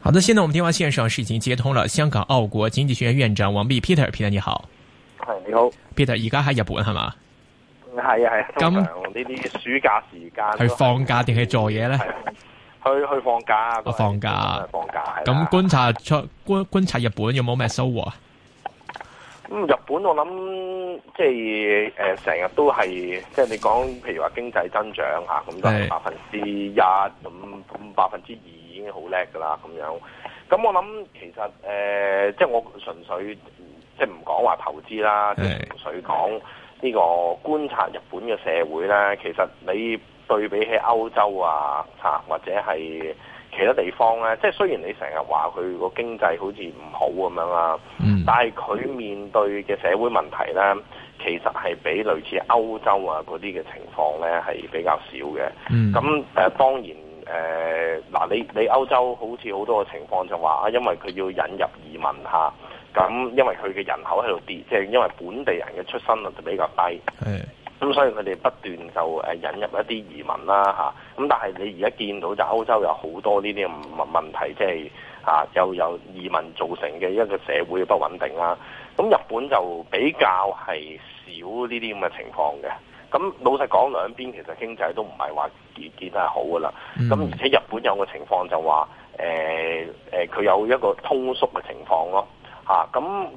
好的，現在我們電話線上是已經接通了香港澳國經濟學院院長王弼 Peter，Peter Peter, 你好，係你好，Peter 而家喺日本係嘛？係啊係。咁呢啲暑假時間去放假定係做嘢咧？去去放假，去放假啊！我放假去放假咁觀察，觀觀察日本有冇咩收穫啊？咁、嗯、日本我諗即係誒，成、呃、日都係即係你講，譬如話經濟增長吓咁都係百分之一咁，百分之二。是已經好叻噶啦，咁樣。咁我諗其實誒、呃，即係我純粹即係唔講話投資啦，的純粹講呢個觀察日本嘅社會咧。其實你對比起歐洲啊，嚇、啊、或者係其他地方咧，即係雖然你成日話佢個經濟好似唔好咁樣啦，嗯、但係佢面對嘅社會問題咧，其實係比類似歐洲啊嗰啲嘅情況咧係比較少嘅。咁誒、嗯呃，當然。誒嗱、呃，你你歐洲好似好多嘅情況就話啊，因為佢要引入移民嚇，咁、啊、因為佢嘅人口喺度跌，即、就、係、是、因為本地人嘅出生率就比較低，咁的所以佢哋不斷就誒引入一啲移民啦嚇，咁、啊、但係你而家見到就歐洲有好多呢啲咁問問題，即、就、係、是、啊又有移民造成嘅一個社會嘅不穩定啦，咁、啊、日本就比較係少呢啲咁嘅情況嘅。咁老實講，兩邊其實經濟都唔係話見見得係好噶啦。咁、嗯、而且日本有個情況就話，誒、呃、佢、呃、有一個通縮嘅情況咯。咁、啊、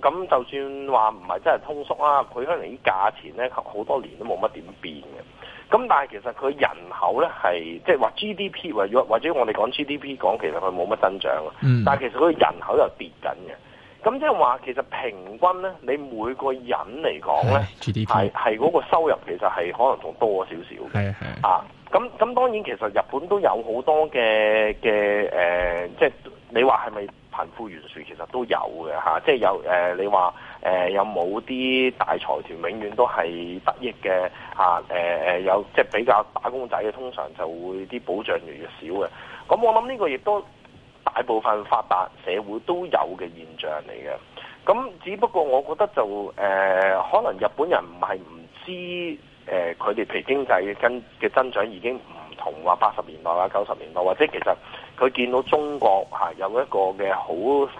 咁就算話唔係真係通縮啦，佢可能啲價錢咧好多年都冇乜點變嘅。咁但係其實佢人口咧，係即係話 GDP 或，或者我哋講 GDP 講，其實佢冇乜增長嘅，嗯、但係其實佢人口又跌緊嘅。咁即係話，其實平均咧，你每個人嚟講咧，係嗰 Yeah, GDP. 個收入其實係可能仲多少少嘅。Yeah, yeah. 啊，咁咁當然其實日本都有好多嘅嘅即係你話係咪貧富懸殊？其實都有嘅，即係有、呃、你話、呃、有冇啲大財團永遠都係得益嘅、啊呃？有即係比較打工仔嘅，通常就會啲保障越嚟越少嘅。咁我諗呢個亦都。大部分發達社會都有嘅現象嚟嘅，咁只不過我覺得就、呃、可能日本人唔係唔知誒，佢、呃、哋譬如經濟嘅增嘅增長已經唔同話八十年代啊、九十年代，或者其實佢見到中國、啊、有一個嘅好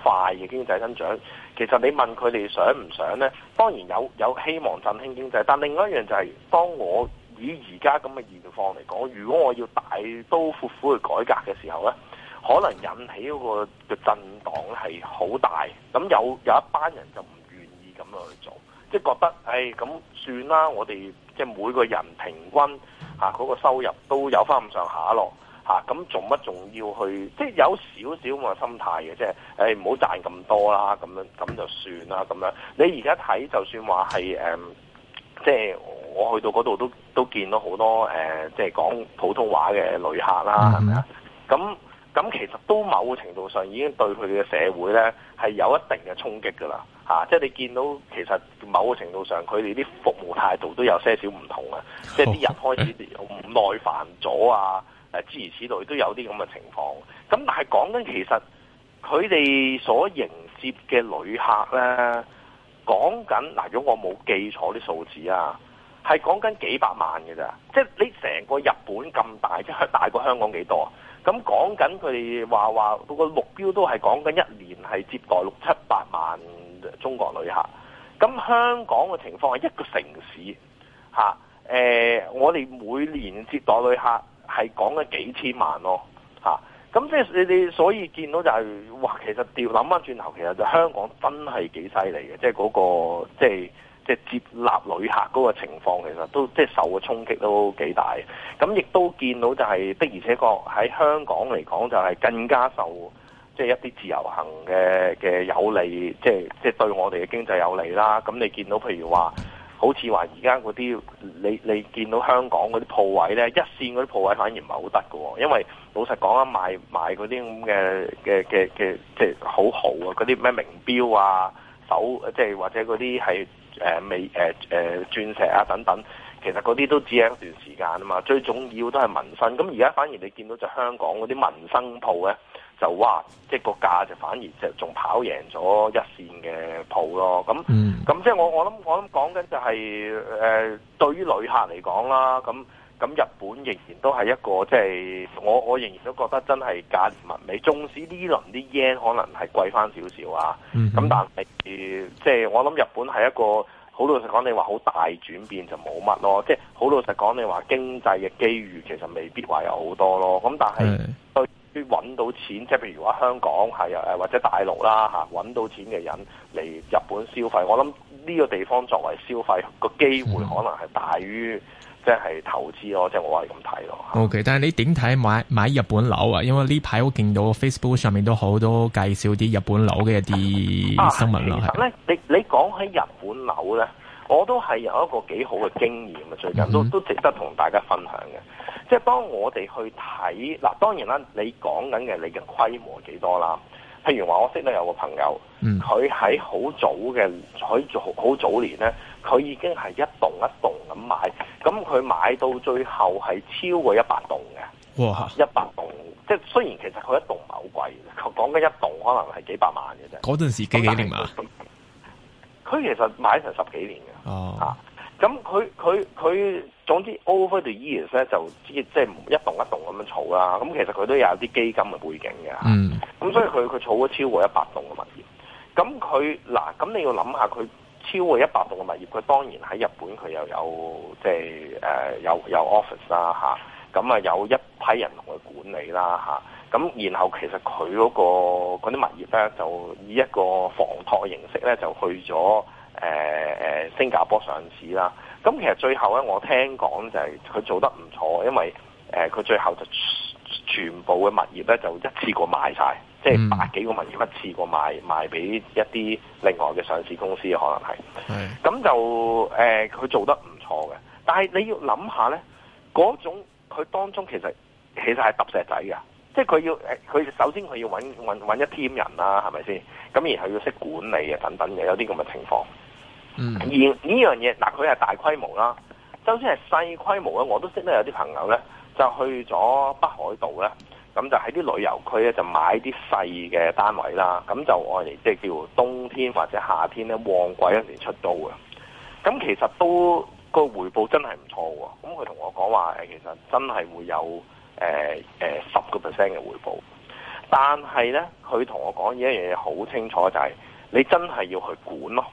快嘅經濟增長，其實你問佢哋想唔想呢？當然有有希望振興經濟，但另外一樣就係、是，當我以而家咁嘅現況嚟講，如果我要大刀闊斧，斧去改革嘅時候呢。可能引起嗰個嘅震盪係好大，咁有有一班人就唔願意咁樣去做，即係覺得，誒、哎、咁算啦，我哋即係每個人平均嚇嗰、啊那個收入都有翻咁上下咯，嚇咁做乜仲要去？即係有少少咁嘅心態嘅，即係誒唔好賺咁多啦，咁樣咁就算啦，咁樣你而家睇，就算話係誒，即係我去到嗰度都都見到好多誒、嗯，即係講普通話嘅旅客啦，係咪啊？咁咁其實都某程度上已經對佢哋嘅社會呢係有一定嘅衝擊㗎啦、啊，即係你見到其實某個程度上佢哋啲服務態度都有些少唔同啊，即係啲人開始唔耐煩咗啊，誒諸如此類都有啲咁嘅情況。咁但係講緊其實佢哋所迎接嘅旅客呢，講緊嗱、啊，如果我冇記錯啲數字啊，係講緊幾百萬嘅咋？即係你成個日本咁大，即係大過香港幾多？咁講緊佢哋話話嗰個目標都係講緊一年係接待六七八萬中國旅客，咁香港嘅情況係一個城市，嚇誒、我哋每年接待旅客係講緊幾千萬咯嚇，咁即係你哋所以見到就係，是，哇，其實調諗翻轉頭，其實就香港真係幾犀利嘅，即係嗰個即係。就是即係接納旅客嗰個情況，其實都即係、就是、受嘅衝擊都幾大。咁亦都見到就係、是、的而且確喺香港嚟講就係更加受即係、就是、一啲自由行嘅嘅有利，即係即係對我哋嘅經濟有利啦。咁你見到譬如話，好似話而家嗰啲你你見到香港嗰啲鋪位呢，一線嗰啲鋪位反而唔係好得喎，因為老實講啊，買買嗰啲咁嘅嘅嘅嘅即係好豪啊，嗰啲咩名錶啊、手即係、就是、或者嗰啲係。誒美誒誒鑽石啊等等，其實嗰啲都只係一段時間啊嘛，最重要都係民生。咁而家反而你見到就香港嗰啲民生鋪咧，就哇，即係個價就反而就仲跑贏咗一線嘅鋪咯。咁咁、嗯、即係我我諗我諗講緊就係、是、誒、呃、對於旅客嚟講啦，咁。咁日本仍然都係一個即係，我我仍然都覺得真係價廉物美。縱使呢輪啲 yen 可能係貴翻少少啊，咁、mm hmm. 但係即係我諗日本係一個好老實講，你話好大轉變就冇乜咯。即係好老實講，你話經濟嘅機遇其實未必話有好多咯。咁但係對於揾到錢，即係譬如話香港係啊或者大陸啦嚇揾到錢嘅人嚟日本消費，我諗呢個地方作為消費個機會可能係大於。Mm hmm. 即係投資咯，即係我係咁睇咯。OK，但係你點睇買買日本樓啊？因為呢排我見到 Facebook 上面都好多介紹啲日本樓嘅一啲新聞啦、啊。其實咧，你你講起日本樓咧，我都係有一個幾好嘅經驗啊！最近都、嗯、哼都值得同大家分享嘅。即係當我哋去睇嗱，當然啦，你講緊嘅你嘅規模幾多啦？譬如話，我識咧，識得有個朋友，佢喺好早嘅，喺好早年呢，佢已經係一棟一棟咁買，咁佢買到最後係超過一百棟嘅，哇一百棟，即係雖然其實佢一棟唔係好貴，佢講緊一棟可能係幾百萬嘅啫。嗰陣時幾幾年嘛？佢其實買成十幾年嘅。哦咁佢佢佢，總之 over the years 咧就即唔一棟一棟咁樣儲啦。咁其實佢都有啲基金嘅背景嘅。嗯。咁所以佢佢儲咗超過一百棟嘅物業。咁佢嗱，咁你要諗下，佢超過一百棟嘅物業，佢當然喺日本佢又有即係誒有、呃、有，有 office 啦吓。咁啊，啊有一批人同佢管理啦吓。咁、啊啊、然後其實佢嗰、嗰個嗰啲物業咧就以一個房託嘅形式咧就去咗。誒誒、呃、新加坡上市啦，咁其實最後咧，我聽講就係佢做得唔錯，因為誒佢、呃、最後就全部嘅物業咧就一次過賣晒，即係百幾個物業一次過賣賣俾一啲另外嘅上市公司可能係，咁就誒佢、呃、做得唔錯嘅，但係你要諗下咧，嗰種佢當中其實其實係揼石仔嘅。即係佢要誒，佢首先佢要揾揾揾一 team 人啦，係咪先？咁而係要識管理啊，等等嘅，有啲咁嘅情況。嗯。而呢樣嘢嗱，佢係大規模啦。就算係細規模咧，我都識得有啲朋友咧就去咗北海道咧，咁就喺啲旅遊區咧就買啲細嘅單位啦。咁就按嚟即係叫冬天或者夏天咧旺季一年出租嘅。咁其實都、個回報真係唔錯喎。咁佢同我講話誒，其實真係會有，誒誒十個 percent 嘅回報，但係咧，佢同我講一樣嘢好清楚，就係、是、你真係要去管咯，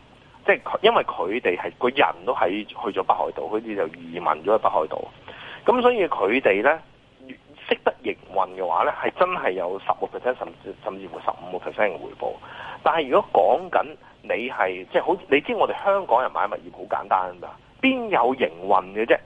即係因為佢哋係個人都喺去咗北海道，好似就移民咗去北海道，咁所以佢哋咧識得營運嘅話咧，係真係有十個 percent 甚至甚至乎十五個 percent 嘅回報。但係如果講緊你係即係好，你知我哋香港人買物業好簡單㗎，邊有營運嘅啫？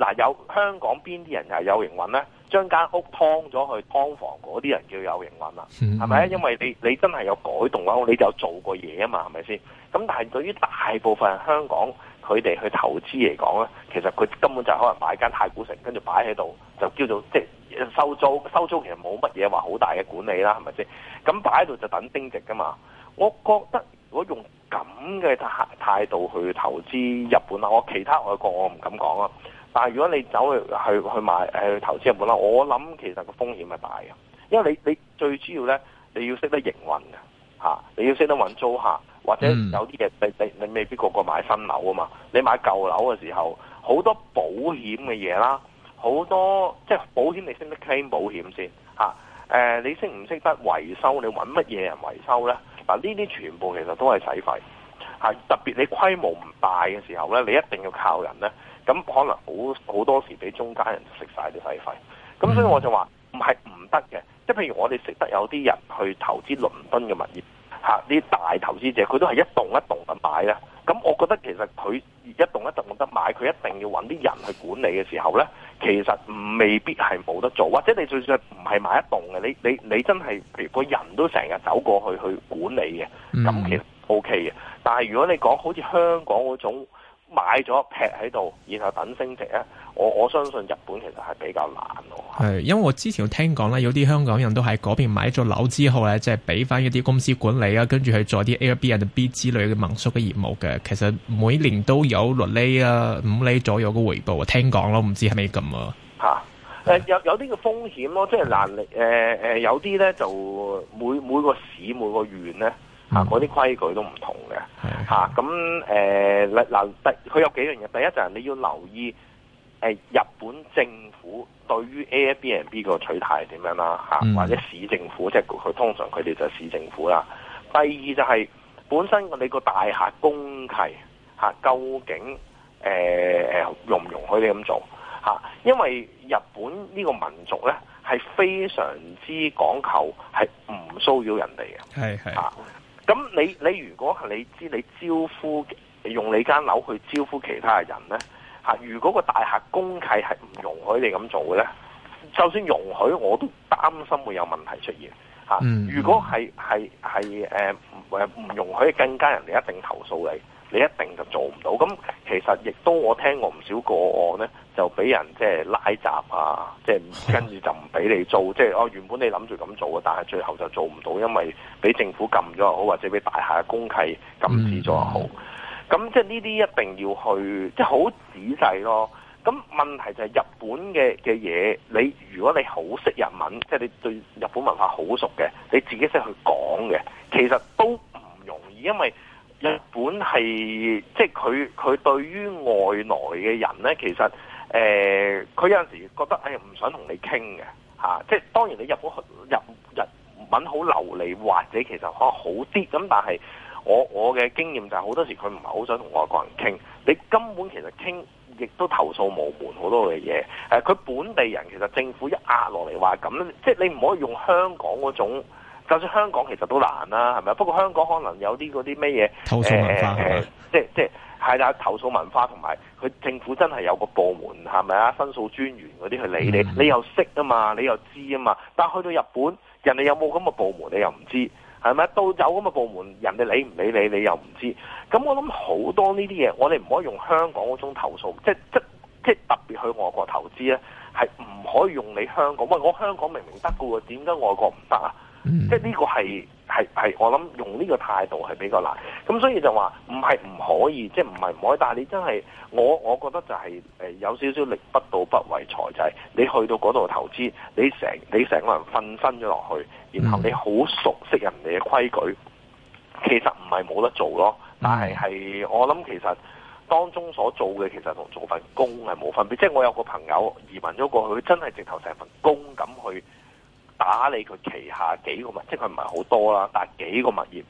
嗱有香港邊啲人係有營運咧？將間屋劏咗去劏房嗰啲人叫有營運啦，係咪？ 因為你你真係有改動嗰屋，你就有做過嘢啊嘛，係咪先？咁但係對於大部分香港佢哋去投資嚟講咧，其實佢根本就可能擺間太古城，跟住擺喺度就叫做即係收租，收租其實冇乜嘢話好大嘅管理啦，係咪先？咁擺喺度就等升值噶嘛。我覺得如果用咁嘅態度去投資日本啊，我其他外國我唔敢講啊。但係如果你走去去去買誒去投資日本啦，我諗其實個風險係大嘅，因為你你最主要咧，你要識得營運嘅嚇、啊，你要識得揾租客，或者有啲嘢你你你未必個個買新樓啊嘛，你買舊樓嘅時候，好多保險嘅嘢啦，好多即係保險你識唔識 claim 保險先嚇？誒、啊，你識唔識得維修？你揾乜嘢人維修咧？嗱、啊，呢啲全部其實都係使費嚇、啊，特別你規模唔大嘅時候咧，你一定要靠人咧。咁可能好好多時俾中間人食晒啲費費，咁所以我就話唔係唔得嘅，即係譬如我哋識得有啲人去投資倫敦嘅物業，嚇啲大投資者佢都係一棟一棟咁擺咧，咁我覺得其實佢一棟一棟得買，佢一定要揾啲人去管理嘅時候呢，其實未必係冇得做，或者你就算唔係買一棟嘅，你你你真係譬如個人都成日走過去去管理嘅，咁其實 O K 嘅，但係如果你講好似香港嗰種。買咗劈喺度，然後等升值啊！我我相信日本其實係比較難喎。係因為我之前聽講咧，有啲香港人都喺嗰邊買咗樓之後咧，即係俾翻一啲公司管理啊，跟住去做啲 Airbnb 之類嘅民宿嘅業務嘅。其實每年都有六厘啊、五厘左右嘅回報啊，聽講咯，唔知係咪咁啊？嚇！誒有有啲嘅風險咯，即係難力誒誒，有啲咧就每每個市每個縣咧。嗰啲、啊、規矩都唔同嘅。吓、嗯，咁誒、啊，嗱，第、呃、佢有幾樣嘢。第一就係你要留意、呃，日本政府對於 Airbnb 個取態係點樣啦，啊嗯、或者市政府，即係佢通常佢哋就市政府啦。第二就係本身你個大廈公契、啊、究竟誒誒、呃、容唔容許你咁做、啊、因為日本呢個民族咧係非常之講求係唔騷擾人哋嘅，係係咁你你如果係你知你招呼用你間樓去招呼其他人呢？啊、如果個大廈公契係唔容許你咁做嘅呢，就算容許我都擔心會有問題出現、啊、如果係係係誒唔容許，更加人哋一定投訴你。你一定就做唔到，咁其實亦都我聽過唔少個案呢，就俾人即係拉閘啊，即係跟住就唔俾你做，即係哦原本你諗住咁做嘅，但係最後就做唔到，因為俾政府禁咗又好，或者俾大廈公契禁止咗又好，咁、嗯、即係呢啲一定要去，即係好仔細咯。咁問題就係日本嘅嘅嘢，你如果你好識日文，即係你對日本文化好熟嘅，你自己識去講嘅，其實都唔容易，因為。日本係即係佢佢對於外來嘅人咧，其實誒佢、呃、有陣時覺得係唔、哎、想同你傾嘅、啊、即係當然你日本日日文好流利或者其實可能好啲，咁但係我我嘅經驗就係、係、好多時佢唔係好想同外國人傾，你根本其實傾亦都投訴無門，好多嘅嘢誒，佢、啊、本地人其實政府一壓落嚟話咁即係你唔可以用香港嗰種。就算香港其實都難啦，係咪啊？不過香港可能有啲嗰啲咩嘢，投訴文化、呃、吧即係即係啦，投訴文化同埋佢政府真係有個部門係咪啊？申訴專員嗰啲去理你，嗯、哼你又識啊嘛，你又知啊嘛。但係去到日本，人哋有冇咁嘅部門你又唔知，係咪？到有咁嘅部門，人哋理唔理你你又唔知。咁我諗好多呢啲嘢，我哋唔可以用香港嗰種投訴，即係即即特別去外國投資咧，係唔可以用你香港。喂，我香港明明得嘅喎，點解外國唔得啊？嗯、即係呢個係係係，我諗用呢個態度係比較難。咁所以就話唔係唔可以，即係唔係唔可以。但係你真係，我我覺得就係誒有少少力不到不為財。就係你去到嗰度投資，你成你成個人瞓身咗落去，然後你好熟悉人哋嘅規矩，其實唔係冇得做咯。是的但係係我諗其實當中所做嘅其實同做份工係冇分別。即係我有個朋友移民咗過去，佢真係直頭成份工咁去。打理佢旗下幾個物，即係佢唔係好多啦，但係幾個物業，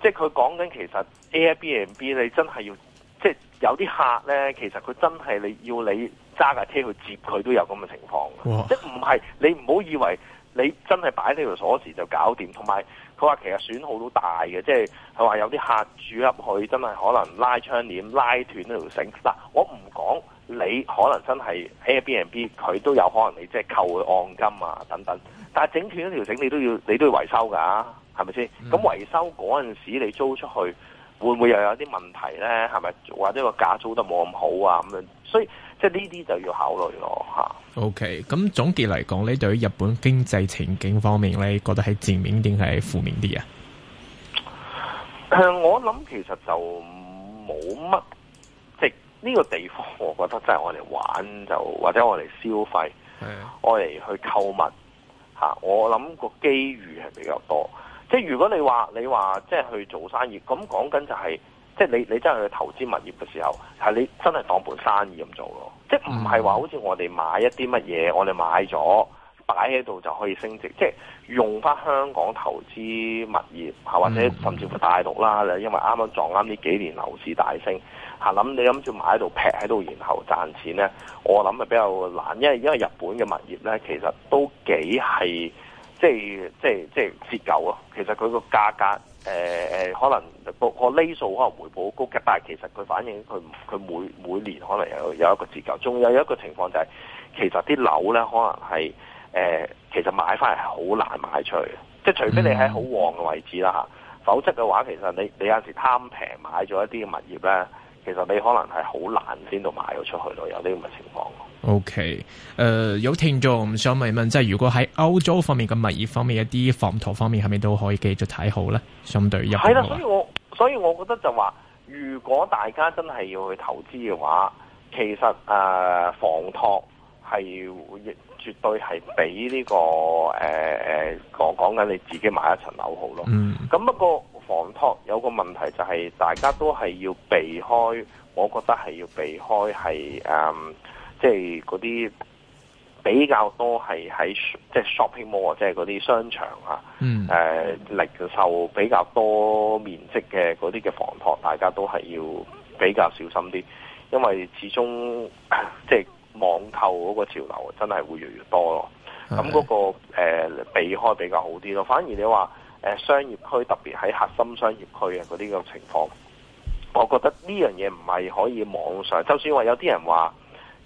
即係佢講緊其實 Airbnb 你真係要，即係有啲客咧，其實佢真係你要你揸架車去接佢都有咁嘅情況，哇即係唔係你唔好以為你真係擺呢條鎖匙就搞掂，同埋。佢話其實損耗都大嘅，即係佢話有啲客住入去，真係可能拉窗簾拉斷呢條繩。嗱，我唔講你可能真係喺 Airbnb，佢都有可能你即係扣佢按金啊等等。但係整斷咗條繩，你都要你都要維修㗎、啊，係咪先？咁、嗯、維修嗰陣時你租出去，會唔會又有啲問題呢？係咪或者個價租得冇咁好啊？咁樣所以。即係呢啲就要考慮咯，吓。OK，咁總結嚟講，呢對於日本經濟前景方面，呢覺得係正面定係負面啲啊？誒，我諗其實就冇乜，即呢個地方，我覺得真係我嚟玩就或者我嚟消費 Yeah.，我嚟去購物吓。我諗個機遇係比較多。即係如果你話你話即係去做生意，咁講緊就係、是。即係你你真係去投資物業嘅時候，係你真係當盤生意咁做咯。即係唔係話好似我哋買一啲乜嘢，我哋買咗擺喺度就可以升值。即係用返香港投資物業，嚇或者甚至乎大陸啦，因為啱啱撞啱呢幾年樓市大升，嚇諗你諗住買喺度劈喺度，然後賺錢咧，我諗係比較難，因為因為日本嘅物業咧，其實都幾係即係即係即係折舊啊。其實佢個價格。誒誒、呃，可能個個呢數可能回報好高嘅，但係其實佢反映佢佢每每年可能有有一個折舊，仲有一個情況就係、是、其實啲樓咧可能係誒、呃，其實買翻嚟係好難賣出去嘅，即係除非你喺好旺嘅位置啦嚇，否則嘅話其實你你有時貪平買咗一啲嘅物業咧，其實你可能係好難先到賣到出去咯，有啲咁嘅情況。O K，誒有聽眾想問問，即係如果喺歐洲方面嘅物業方面一啲房託方面，係咪都可以繼續睇好咧？相對於一係啦，所以我所以我覺得就話，如果大家真係要去投資嘅話，其實誒、呃、房託係會絕對係比呢、這個誒誒、呃、我講緊你自己買一層樓好咯。咁、嗯、不過房託有個問題就係、是，大家都係要避開，我覺得係要避開係誒。嗯即係嗰啲比較多係喺即係 shopping mall，即係嗰啲商場啊，誒、嗯呃、零售比較多面積嘅嗰啲嘅房託，大家都係要比較小心啲，因為始終即係網購嗰個潮流真係會越嚟越多咯。咁嗰個、那個誒、呃、避開比較好啲咯。反而你話誒、呃、商業區特別喺核心商業區啊嗰啲嘅情況，我覺得呢樣嘢唔係可以網上，就算話有啲人話。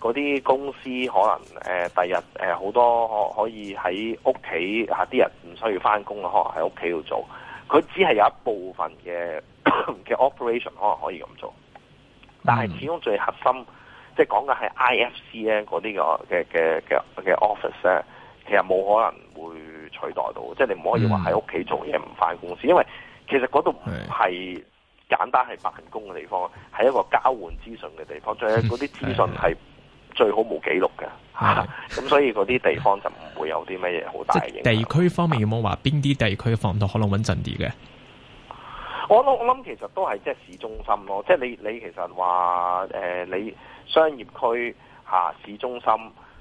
嗰啲公司可能誒第、呃、日誒好、呃、多可、呃、可以喺屋企啊啲人唔需要翻工，可能喺屋企度做。佢只係有一部分嘅嘅、mm. operation 可能可以咁做，但係始終最核心即係講緊係 IFC 呢嗰啲嘅嘅嘅嘅嘅 office 咧，其實冇可能會取代到。Mm. 即係你唔可以話喺屋企做嘢唔翻公司，因為其實嗰度唔係簡單係辦公嘅地方，係是一個交換資訊嘅地方，仲有嗰啲資訊係。 最好冇記錄嘅，咁、 嗯、所以嗰啲地方就唔會有啲咩嘢好大嘅。 地區方面，有冇話邊啲地區房託可能穩陣啲嘅？我諗我諗其實都係即係市中心咯，即、就、係、是、你你其實話誒、呃、你商業區嚇、啊、市中心，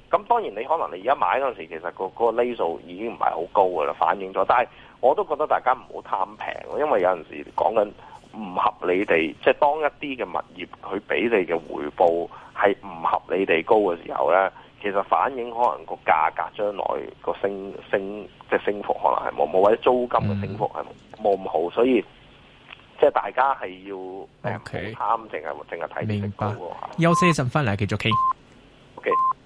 咁當然你可能你而家買嗰陣時候，其實、那個、那個 lease 數、er、已經唔係好高㗎喇，反映咗。但係我都覺得大家唔好貪平，因為有陣時講緊。唔合理地，即係當一啲嘅物業佢俾你嘅回報係唔合理地高嘅時候咧，其實反映可能個價格將來個升升即係升幅可能係冇冇或者租金嘅升幅係冇咁好，所以即係大家係要睇睇，凈係淨係睇你。明白。休息一陣翻嚟繼續傾。Okay.